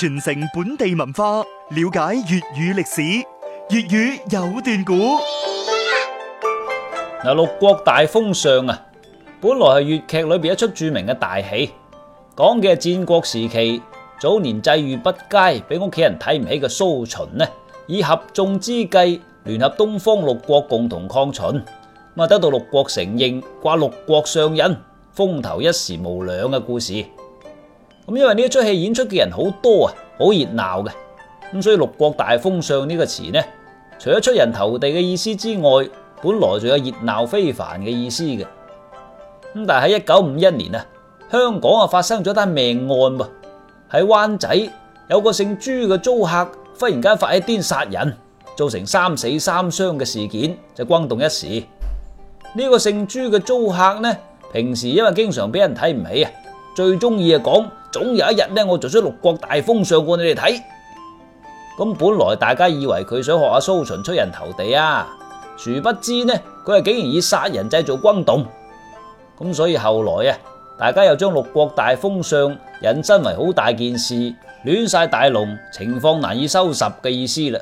傳承本地文化，了解粵語歷史，粵語有段古。嗱，六國大封相啊，本來係粵劇裏邊一出著名嘅大戲，講嘅係戰國時期早年際遇不佳，俾屋企人睇唔起嘅蘇秦呢，以合縱之計聯合東方六國共同抗秦，咁得到六國承認，掛六國相印，風頭一時無兩嘅故事。咁因為呢一出戲演出嘅人好多啊，好熱鬧嘅，咁所以六國大封相呢個詞呢，除咗出人頭地嘅意思之外，本來仲有熱鬧非凡嘅意思嘅。咁但係喺一九五一年啊，香港啊發生咗單命案噃，喺灣仔有個姓朱嘅租客忽然間發起癲殺人，造成三死三傷嘅事件，就轟動一時。呢個姓朱嘅租客呢，平時因為經常俾人睇唔起啊。最中意啊講，總有一日呢，我做出六國大封相過你哋睇。咁本來大家以為佢想學阿蘇秦出人頭地啊，殊不知呢，佢係竟然以殺人製造轟動。咁所以後來啊，大家又將六國大封相引申為好大件事，亂晒大龍，情況難以收拾嘅意思啦。